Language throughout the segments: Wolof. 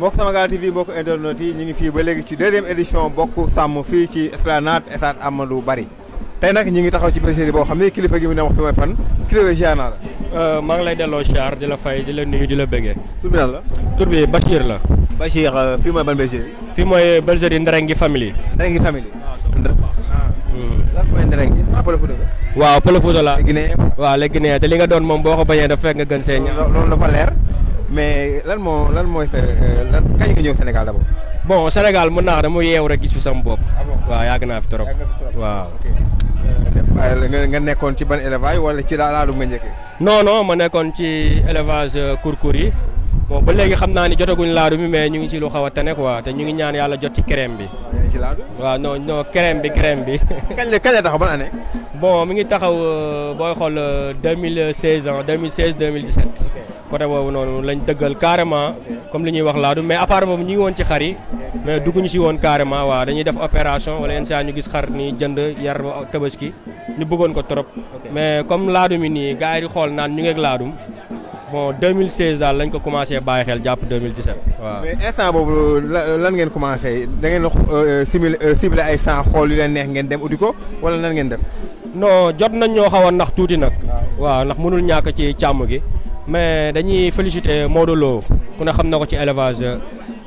mbokk Samagal TV boko internet yi ñu ngi fii ba léegi ci deuxième édition boko sàmm fii ci esplanade Estade Amadou Barry tey nag ñu ngi taxaw ci bergerie boo xam ne kilifa gi mu ne wax fi may fan kilifa gianaa la Euh, Mang ngi lay delloo char di la fay di la nuyu di la bëggee. tur bi lan la. tur bi Bachir la. Bachir euh, fii mooy ban Bachir. fii mooy bergerie Nderengi family. Nderengi family. waaw ah, ah. ah, Pël Fuuta la. waaw léegi ne te li nga doon moom boo ko bañee daf fekk nga gën see ñaar. loolu dafa leer mais lan moo lan mooy fee euh, lan kañ nga ñëw Sénégal d'abord. bon Sénégal mën naa dama yeew rek gis fi sama bopp. waaw yàgg naa fi trop waaw. nga nekkoon ci ban élevage wala ci daalaadum nga njëkkee. non non ma nekkoon ci élevage euh, kurkur yi. bon ba léegi xam naa ni jotaguñ laadu mais ñu ngi ci lu xaw a tane quoi te ñu ngi ñaan yàlla jot ci crème bi. ci laadu waaw non mi ngi taxaw euh, booy xool 2016 euh, noonu lañ dëggal carrément comme li ñuy wax laadu mais à part boobu ñu ngi woon ci xar yi mais dugguñu si woon carrément waaw dañuy def opération wala yenn saa ñu gis xar ni jënd yar ba tabaski ñu bëggoon ko trop mais comme laadu mi nii gars yi xool naan ñu ngeeg laadum bon 2016 daal lañ ko commencé bàyyi xel jàpp 2017 waaw. mais instant boobu lan ngeen commencé da ngeen euh, euh, simil euh, ciblé ay sang xool yu leen neex ngeen dem uti ko wala nan ngeen dem no jot nañ ñoo xaw a ndax tuuti nag. waaw ndax mënul ñàkk ci càmm gi. mais dañuy féliciter Modou ku ne xam na ko ci élevage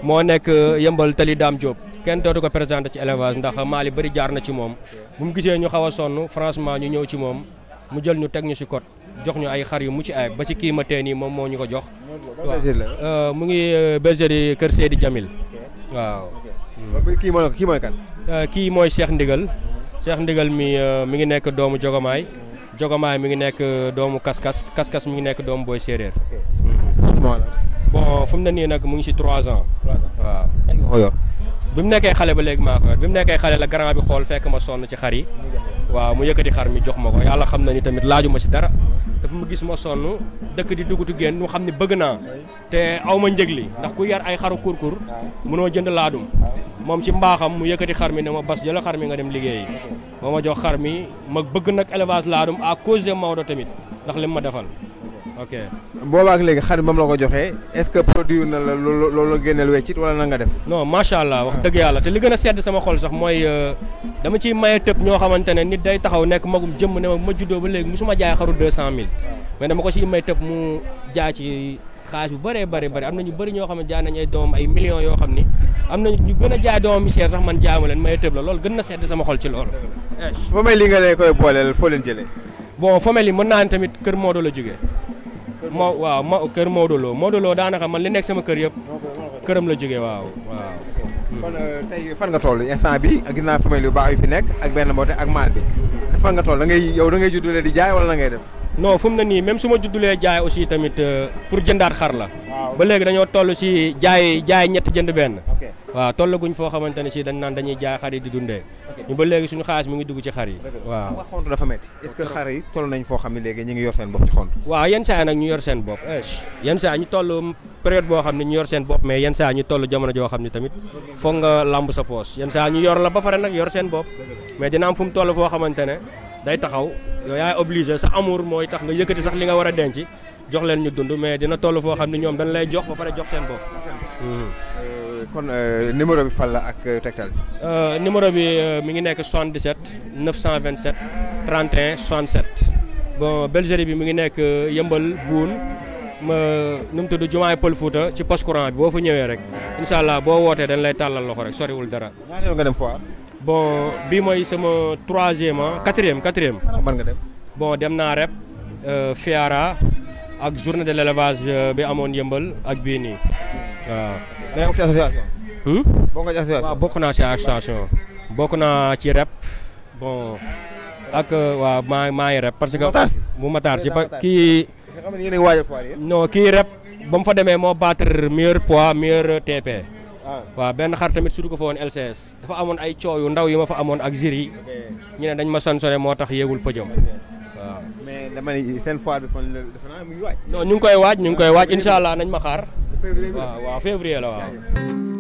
moo nekk yëmbal tali Dame Diop kenn dootu ko présenté ci élevage ndax maal yi bari jaar na ci moom bu mu gisee ñu xaw a sonn franchement ñu ñëw ci moom mu jël ñu teg ñu si jox ñu ay xar yu mucc ayib ba ci kii ma tee moom moo ñu ko jox. Euh, mu ngi euh, bergerie Kër Seydi Jamil waaw. kii mooy kii euh, Cheikh Ndigal. Cheikh Ndigal mi mi ngi nekk doomu Jogomaay. Jogomaay mi ngi nekk doomu Kaskas Kaskas mu ngi nekk doomu booy Séeréer. Hmm. bon fu mu ne nii nag mu ngi si 3 ans. waaw. bi mu nekkee xale ba léegi maa ko bi mu nekkee xale la grand bi xool fekk ma sonn ci xar yi. waaw mu yëkkati xar mi jox ma ko yàlla xam na ni tamit laaju ma si dara dafa ma gis ma sonn dëkk di dugutu génn mu xam ne bëgg naa te aw ma njëg li ndax ku yar ay xaru kurkur noo jënd laadum moom ci mbaaxam mu yëkkati xar mi ne ma bas jëla xar mi nga dem liggéeyi moo ma jox xar mi mag bëgg nag élevage laadum à cause de Maodo tamit ndax lim ma defal ok boobaak léegi xarit ba mu la ko joxee est ce que produit na la loolu génneel weccit wala na nga def. non macha allah wax dëgg yàlla te li gën a sedd sama xol sax mooy euh, dama ciy maye tëb ñoo xamante ne nit day taxaw nekk magum jëmm ne ma ma juddoo ba léegi musuma jaay xaru 200000. mais dama ko ciy may tëb mu jaay ci xaalis bu bëree bëri bëri am na ñu bëri ñoo xam ne jaay nañ ay doom ay millions yoo xam ni. am na ñu gën a jaay doomam cher sax man jaamu leen may tëb la loolu gën na sedd sama xol ci loolu. famille li nga lay koy booleel foo leen jëlee. bon naa tamit kër Modou la jógee moo waaw ma kër Modou Lo Modou Lo daanaka man li nekk sama kër yëpp këram la jógee waaw waaw kon euh, tey fan nga toll instant bi gis naa famille yu baax yu fi nekk ak benn mboote ak maal bi fan nga toll da yow da ngay juddulee di jaay wala da ngay def non fu mu nii même su ma juddulee jaay aussi tamit euh, pour jëndaat xar la ba léegi dañoo toll si jaay jaay ñetti jënd benn waaw tollaguñ foo xamante ne si dañ naan dañuy jaay xar di dundee ñu ba léegi suñu xaalis mu ngi dugg ci xar yi waaw xont dafa yi toll nañ foo xam ne léegi ñu ngi yor seen bopp ci xont waaw yenn saa nag ñu yor seen bopp eh, yenn saa ñu toll période boo xam ne ñu yor seen bopp mais yenn saa ñu toll jamono joo xam ne tamit foog nga làmb sa poos yenn saa ñu yor la ba pare nag yor seen bopp mais dina am fu mu toll foo xamante ne day taxaw yow yaay obligé sa amour mooy tax nga yëkkati sax li nga war a denc jox leen ñu dund mais dina toll foo xam ne ñoom dañ lay jox ba pare jox seen bopp. Hmm. Euh, kon euh, numéro bi fan la ak euh, tegtal bi. numéro bi mi ngi nekk 77 927 31 67 bon Belgérie bi mi ngi nekk yëmbal buun ma nu mu tudd jumaay Pël Fuuta ci poste courant bi boo fa ñëwee rek incha allah boo wootee dañ lay tàllal loxo rek soriwul dara. ñaata nga dem foire. bon bii mooy sama troisième ah quatrième quatrième. man nga dem. bon dem naa rep Fiara. ak journée de l'élevage euh, bi amone yëmbal ak bi ni waaw. mais bokk ci association. Hmm? bokk nga ci association waaw bokk naa ci association. bokk naa ci rep bon ak euh, waaw maa maa ngi rep parce que. mu matar ci ki kii. non kii rep ba fa démé mo battre meilleur poids meilleur TP. Ah. wa ben xar tamit surtout ko fo won LCS dafa amone ay coow yu ndaw yi ma fa amone ak jury ñu ne dañ ma sanctionné motax yegul yéegul dama ne seen foire bi kon defe waaj. non ñu ngi koy waaj ñu ngi koy waaj incha allah nañ ma xaar. waaw waaw la waaw.